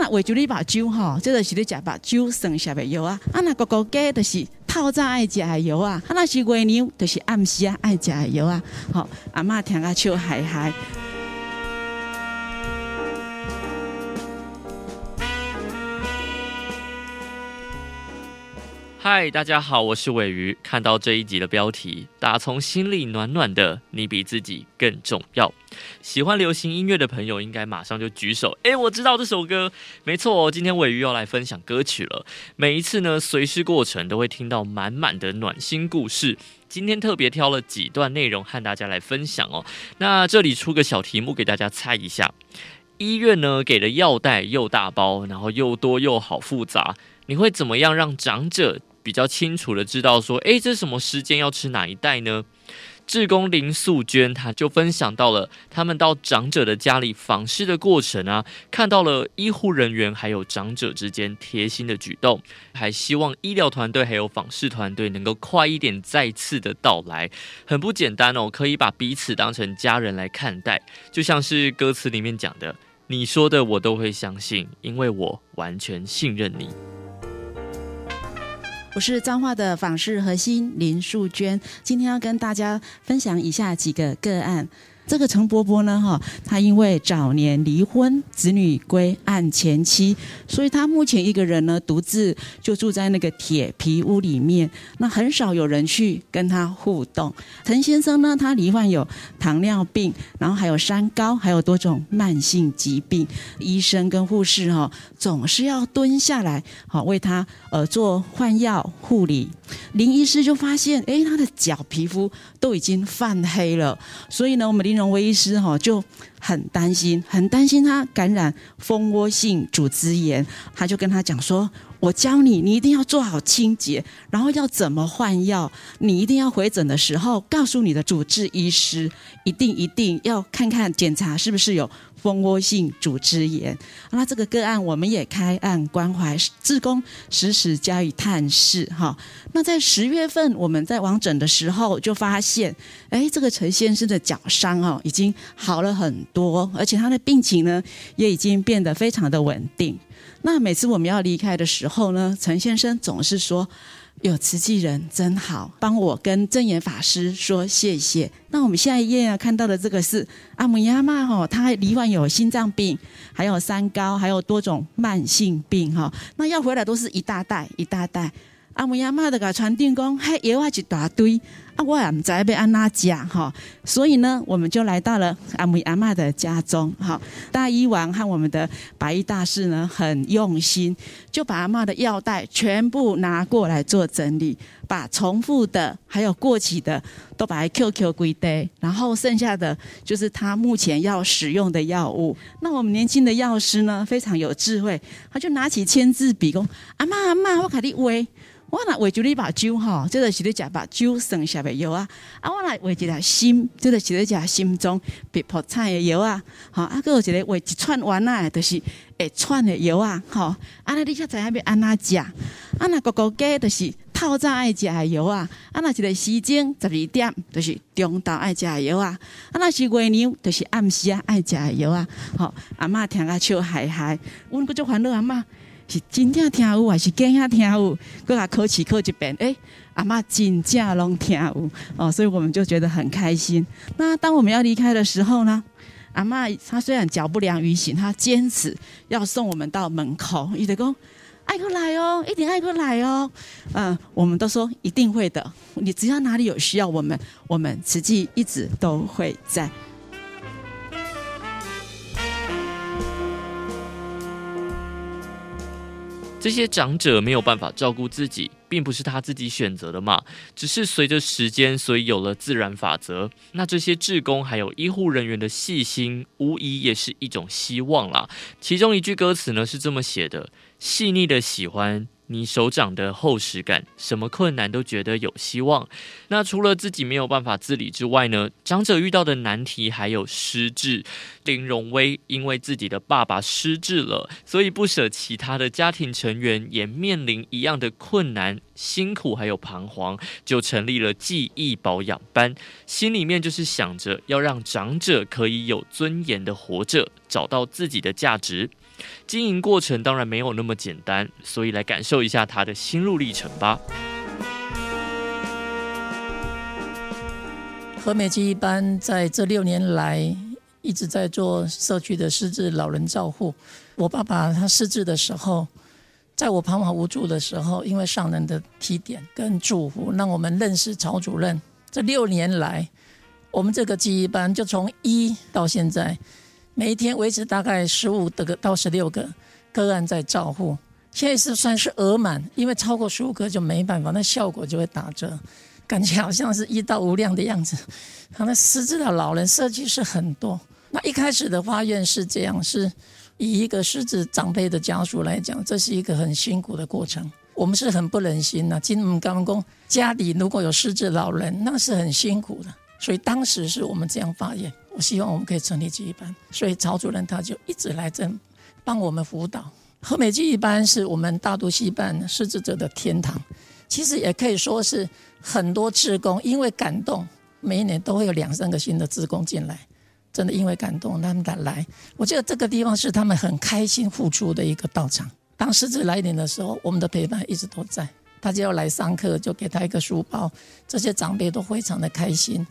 那畫著你目睭吼，這就是你食目睭剩下的藥啊。啊，那咕咕雞就是透早愛食的藥啊。啊，那是月娘就是暗時啊愛食的藥啊。好、喔，阿嬤聽阿笑，嗨嗨嗨，Hi, 大家好，我是鮪魚。看到這一集的標題，打從心裡暖暖的。你比自己更重要。喜歡流行音樂的朋友，應該馬上就舉手。誒、欸，我知道這首歌。沒錯、哦，今天鮪魚要來分享歌曲了。每一次呢，隨師過程都會聽到滿滿的暖心故事。今天特別挑了幾段內容和大家來分享哦。那這裡出個小題目給大家猜一下：醫院呢給的藥袋又大包，然後又多又好複雜，你會怎麼樣讓長者？比較清楚的知道說，欸，這什麼時間要吃哪一袋呢？志工林素娟，她就分享到了他們到長者的家裡訪視的過程啊，看到了醫護人員還有長者之間貼心的舉動，還希望醫療團隊還有訪視團隊能夠快一點再次的到來。很不簡單哦，可以把彼此當成家人來看待，就像是歌詞裡面講的，你說的我都會相信，因為我完全信任你。我是彰化的訪視核心林素娟，今天要跟大家分享以下幾個個案。這個陳伯伯呢，哈，他因為早年離婚，子女歸案前妻，所以他目前一個人呢，獨自就住在那個鐵皮屋裡面。那很少有人去跟他互動。陳先生呢，他罹患有糖尿病，然後還有三高，還有多種慢性疾病。醫生跟護士哈、哦，總是要蹲下來，好為他呃做換藥護理。林醫師就發現，哎，他的腳皮膚都已經泛黑了。所以呢，我們林醫師哈就很擔心，很擔心他感染蜂窩性組織炎，他就跟他講說：“我教你，你一定要做好清潔，然後要怎麼換藥，你一定要回診的時候告訴你的主治醫師，一定一定要看看檢查是不是有。”蜂窩性組織炎，那這個個案我們也開案關懷，志工，時時加以探視，哈。那在十月份我們在往診的時候就發現，哎、欸，這個陳先生的腳傷哦已經好了很多，而且他的病情呢也已經變得非常的穩定。那每次我們要離開的時候呢，陳先生總是說：“有慈濟人真好，幫我跟證嚴法師說謝謝。”那我們下一頁啊看到的這個是阿母阿嬤，他她罹患有心臟病，還有三高，還有多種慢性病哈。那要回來都是一大袋一大袋，阿母阿嬤的個傳墊工嘿也有一大堆。我仔被安娜講哈，所以呢，我們就來到了阿母阿媽的家中哈。大醫王和我們的白衣大士呢，很用心，就把阿媽的藥袋全部拿過來做整理，把重複的還有過期的都把它 QQ 歸類，然後剩下的就是他目前要使用的藥物。那我們年輕的藥師呢，非常有智慧，他就拿起簽字筆，講阿媽阿媽，我卡哩喂。我若畫一粒目睭吼，哈，這著是咧食目睭算啥物藥啊！啊，我若畫一粒心，這著是咧食心中被破菜誒藥啊！吼，啊，還有一個畫一串丸啊，就是會串誒藥啊！吼，啊，那你知影要安怎食，啊，若咕咕雞就是透早愛食誒藥啊！啊，若一個時鐘十二點就是中晝愛食誒藥啊！啊，若是月娘就是暗時啊愛食誒藥啊！吼，阿嬤聽阿笑嗨嗨，阮閣足煩惱阿嬤。是真正聽有還是假聽有？過來考起考這邊，哎、欸，阿嬤真正攏聽有哦，所以我們就覺得很開心。那當我們要離開的時候呢，阿嬤她雖然腳不良於行，她堅持要送我們到門口，一直講愛過來哦，一定愛過來哦。嗯，我們都說一定會的。你只要哪裡有需要我們，我們慈濟一直都會在。這些長者沒有辦法照顧自己，並不是他自己選擇的嘛，只是隨着時間，所以有了自然法則。那這些志工還有醫護人員的細心，無疑也是一種希望啦。其中一句歌詞呢，是這麼寫的：細膩的喜歡。你手掌的厚實感，什麼困難都覺得有希望。那除了自己沒有辦法自理之外呢，長者遇到的難題還有失智。林榮威因為自己的爸爸失智了，所以不舍其他的家庭成員也面臨一樣的困難、辛苦還有彷徨，就成立了記憶保養班。心裡面就是想着要讓長者可以有尊嚴的活着，找到自己的價值。經營過程當然沒有那麼簡單，所以來感受一下他的心路歷程吧。和美記憶班在這六年來一直在做社區的失智老人照護。我爸爸他失智的時候，在我彷徨無助的時候，因為上人的提點跟祝福，讓我們認識曹主任。這六年來，我們這個記憶班就從一到現在。每一天維持大概十五個到十六個個案在照護，現在是算是額滿，因為超過十五個就沒辦法，那效果就會打折，感覺好像是一到無量的樣子。他們失智的老人設計是很多，那一開始的發願是這樣，是以一個失智長輩的家屬來講，這是一個很辛苦的過程，我們是很不忍心的、啊。今天我們剛剛講，家裡如果有失智老人，那是很辛苦的。所以當時是我們這樣發言，我希望我們可以成立記憶班。所以曹主任他就一直來這幫我們輔導。和美記憶班是我們大肚溪畔失智者的天堂，其實也可以說是很多志工因為感動，每一年都會有兩三個新的志工進來，真的因為感動他們敢來。我覺得這個地方是他們很開心付出的一個道場。當失智來臨的時候，我們的陪伴一直都在。他就要來上課，就給他一個書包，這些長輩都非常的開心。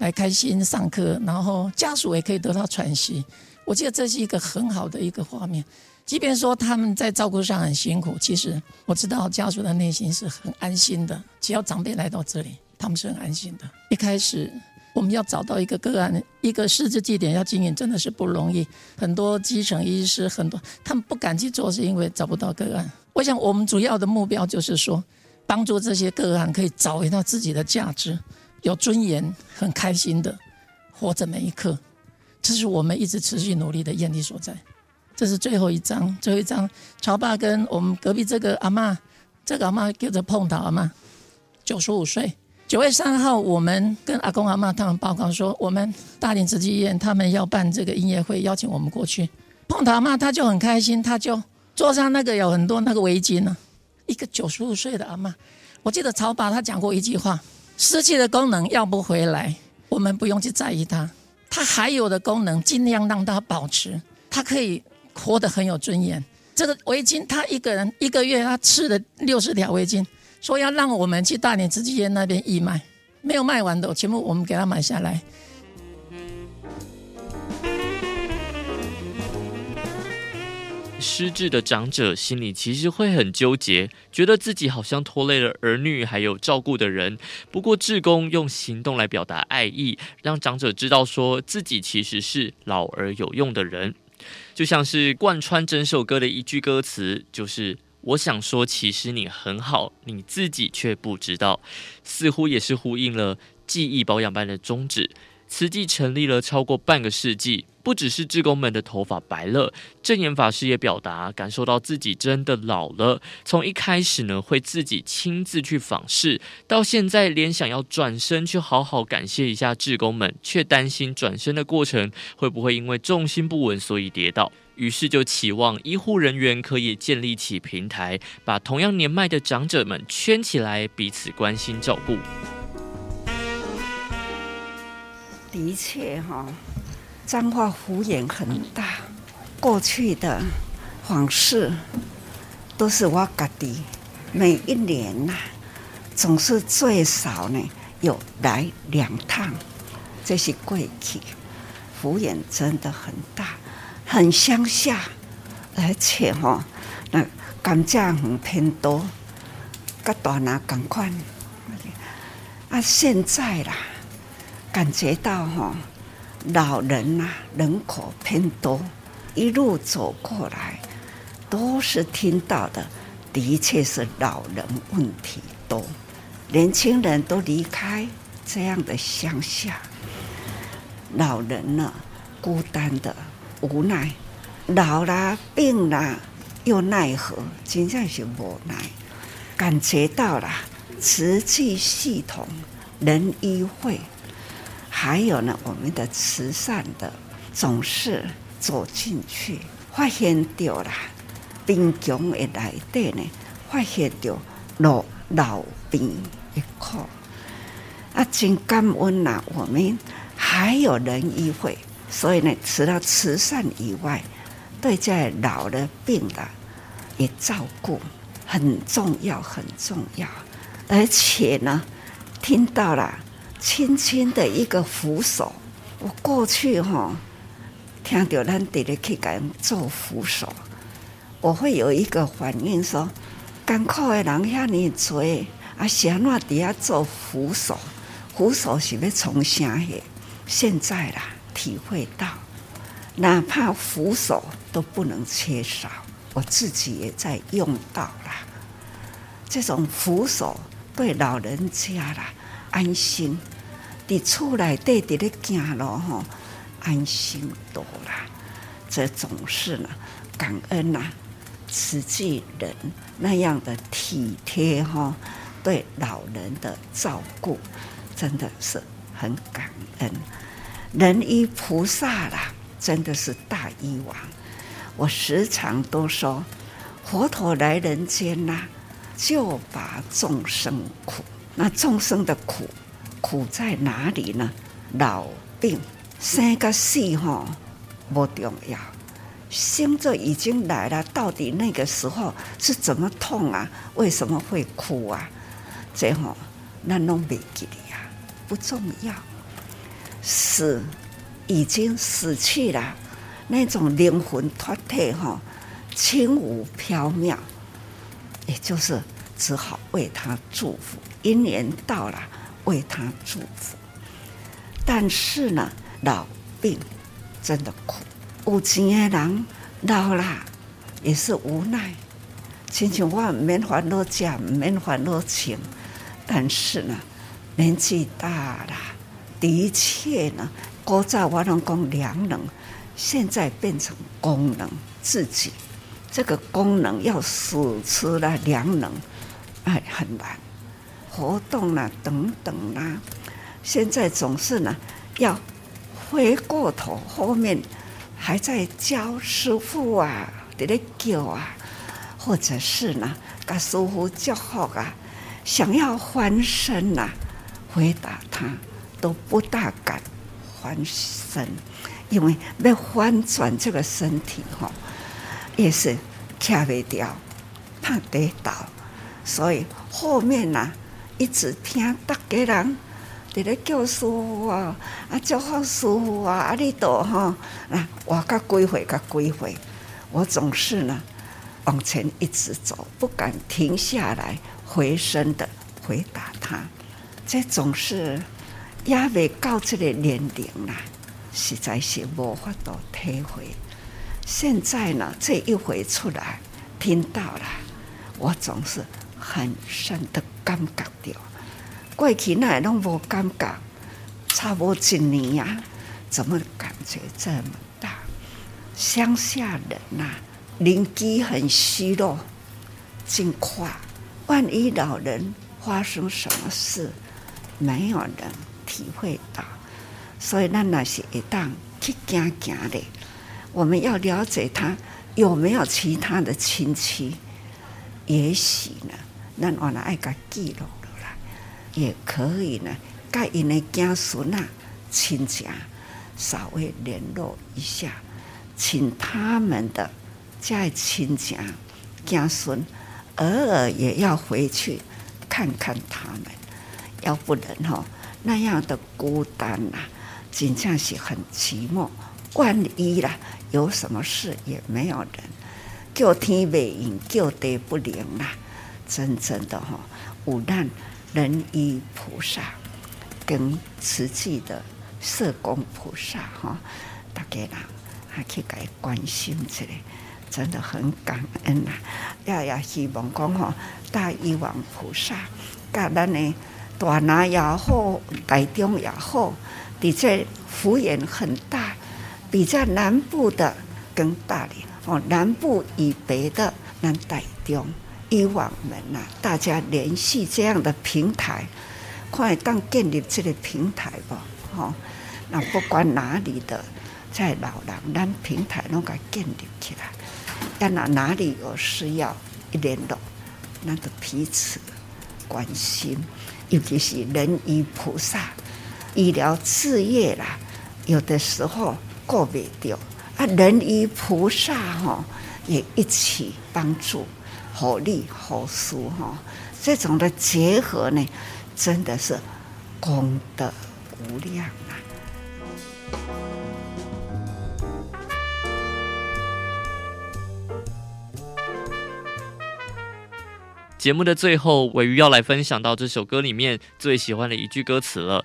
來開心上課，然後家屬也可以得到喘息。我記得我覺得這是一個很好的一個畫面。即便說他們在照顧上很辛苦，其實我知道家屬的內心是很安心的。只要長輩來到這裡，他們是很安心的。一開始我們要找到一個個案，一個失智據點要經營真的是不容易。很多基層醫師，很多他們不敢去做，是因為找不到個案。我想我們主要的目標就是說，幫助這些個案可以找到自己的價值。有尊嚴，很開心的活着每一刻，這是我們一直持續努力的願力所在。這是最後一張，最後一張。曹爸跟我們隔壁這個阿媽，這個阿媽叫做碰頭阿媽，九十五歲。九月三號，我們跟阿公阿媽他們報告說，我們大林慈濟醫院他們要辦這個音樂會，邀請我們過去。碰頭阿媽她就很開心，她就坐上那個有很多那個圍巾呢、啊，一個九十五歲的阿媽。我記得曹爸他講過一句話。失去的功能要不回來，我們不用去在意它。它還有的功能，盡量讓它保持，它可以活得很有尊嚴。這個圍巾，他一個人一個月他吃了六十條圍巾，說要讓我們去大連慈濟院那邊義賣，沒有賣完的全部我們給他買下來。失智的長者心裡其實會很糾結，覺得自己好像拖累了兒女，還有照顧的人。不過，志工用行動來表達愛意，讓長者知道，說自己其實是老而有用的人。就像是貫穿整首歌的一句歌詞，就是“我想說，其實你很好，你自己卻不知道”，似乎也是呼應了記憶保養班的宗旨。慈濟成立了超過半個世紀，不只是志工們的頭髮白了，證嚴法師也表達感受到自己真的老了。從一開始呢，會自己親自去訪視，到現在連想要轉身去好好感謝一下志工們，卻擔心轉身的過程會不會因為重心不穩所以跌倒，於是就期望醫護人員可以建立起平台，把同樣年邁的長者們圈起來，彼此關心照顧。的確哈，彰化福緣很大，過去的往事都是我趕的，每一年吶、啊，總是最少呢有來兩趟，這是貴客，福緣真的很大，很鄉下，而且哈、哦，那感覺很偏多，跟短啊趕快啊現在啦。感覺到哈、哦，老人吶、啊，人口偏多，一路走過來，都是聽到的，的確是老人問題多，年輕人都離開這樣的鄉下，老人呢、啊，孤單的無奈，老了、啊、病了、啊、又奈何，真正是無奈。感覺到了，慈濟系統人醫會。還有呢，我們的慈善的總是走進去，發現到了貧窮的來電呢，發現到老老病一靠啊，真感恩啊！我們還有人醫會，所以呢，除了慈善以外，對在老的病，啊，病的也照顧，很重要，很重要。而且呢，聽到了。輕輕的一個扶手，我過去哈、哦，聽到咱弟弟去跟做扶手，我會有一個反應說：艱苦的人遐尼多，啊，閒落底下做扶手，扶手是要從想的？現在啦，體會到，哪怕扶手都不能缺少，我自己也在用到啦。這種扶手對老人家啦。安心，你出來對你的家了哦，安心多了，這總是呢感恩吶、啊，慈濟人那樣的體貼哈、哦，對老人的照顧，真的是很感恩。人醫菩薩啦，真的是大醫王。我時常都說，佛陀來人間吶、啊，就把眾生苦。那眾生的苦苦在哪裡呢？老病生跟死吼，不重要，生就已經來了。到底那個時候是怎麼痛啊？為什麼會哭啊？這後那弄不起的呀，不重要。死已經死去了，那種靈魂脫退，吼，輕無縹緲，也就是只好為他祝福。一年到了，為他祝福。但是呢，老病真的苦。有錢的人老了也是無奈。親想我，沒免還多假，沒免還多錢。但是呢，年紀大了，的確呢，哥在我能供良能，現在變成功能自己。這個功能要使出了良能，哎，很難。活動啊，等等啦、啊，現在總是呢，要回過頭，後面還在教師傅啊，佇咧叫啊，或者是呢，甲師傅教好啊，想要翻身吶、啊，回答他都不大敢翻身，因為要翻轉這個身體哈、哦，也是站不掉，怕跌倒，所以後面呢、啊一直聽大家人佇咧叫師傅啊，啊叫好師傅啊，啊哩多吼，那我甲歸回甲歸回，我總是呢往前一直走，不敢停下來回身的回答他。這總是也未到這個年齡啦、啊，實在是無法度體會。現在呢，這一回出來聽到了，我總是。很深的，感覺的。過去那攏無感覺，差不多一年呀，怎麼感覺這麼大？鄉下人吶、啊，鄰居很虛弱，真快，萬一老人發生什麼事，沒有人體會到，所以那那是一旦去家家的，我們要了解他有沒有其他的親戚，也許呢。咱我來愛記錄也可以呢，甲因的家孫啊、親家稍微聯絡一下，請他們的再親家家孫，偶爾也要回去看看他們，要不然吼、哦，那樣的孤單吶、啊，經常是很寂寞。萬一啦，有什麼事也沒有人，叫天不應，叫地不靈啦、啊。真正的哈五難仁義菩薩跟慈濟的社工菩薩哈，大家啦，還去給關心起來，真的很感恩吶、啊。也也希望講哈大醫王菩薩，跟咱呢大南也好，大中也好，地這幅員很大，比咱南部的更大咧！哦，南部以北的能大中。醫王們吶、啊，大家聯繫這樣的平台，看當建立這個平台吧、哦、那不管哪裡的在老人，咱平台都給建立起來，要那哪裡有需要，一聯絡，咱就彼此關心，尤其是人醫菩薩醫療事業啦，有的時候顧不到啊，人醫菩薩哈、哦，也一起幫助。好利好俗哈、哦，這種的結合呢，真的是功德無量啊！節目的最後，瑋瑜要來分享到這首歌裡面最喜歡的一句歌詞了：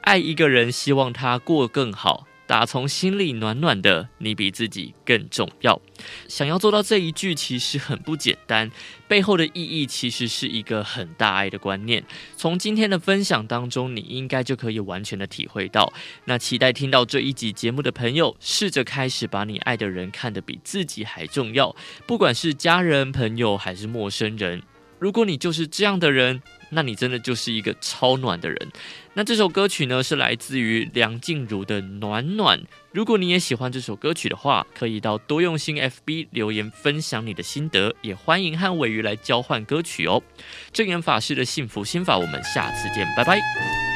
愛一個人，希望他過更好。打從心裡暖暖的，你比自己更重要。想要做到這一句，其實很不簡單。背後的意義其實是一個很大愛的觀念。從今天的分享當中，你應該就可以完全的體會到。那期待聽到這一集節目的朋友，試着開始把你愛的人看得比自己還重要，不管是家人、朋友還是陌生人。如果你就是這樣的人，那你真的就是一個超暖的人。那這首歌曲呢，是來自於梁靜茹的《暖暖》。如果你也喜歡這首歌曲的話，可以到多用心 FB 留言分享你的心得，也歡迎和尾魚來交換歌曲哦。證嚴法師的幸福心法，我們下次見，拜拜。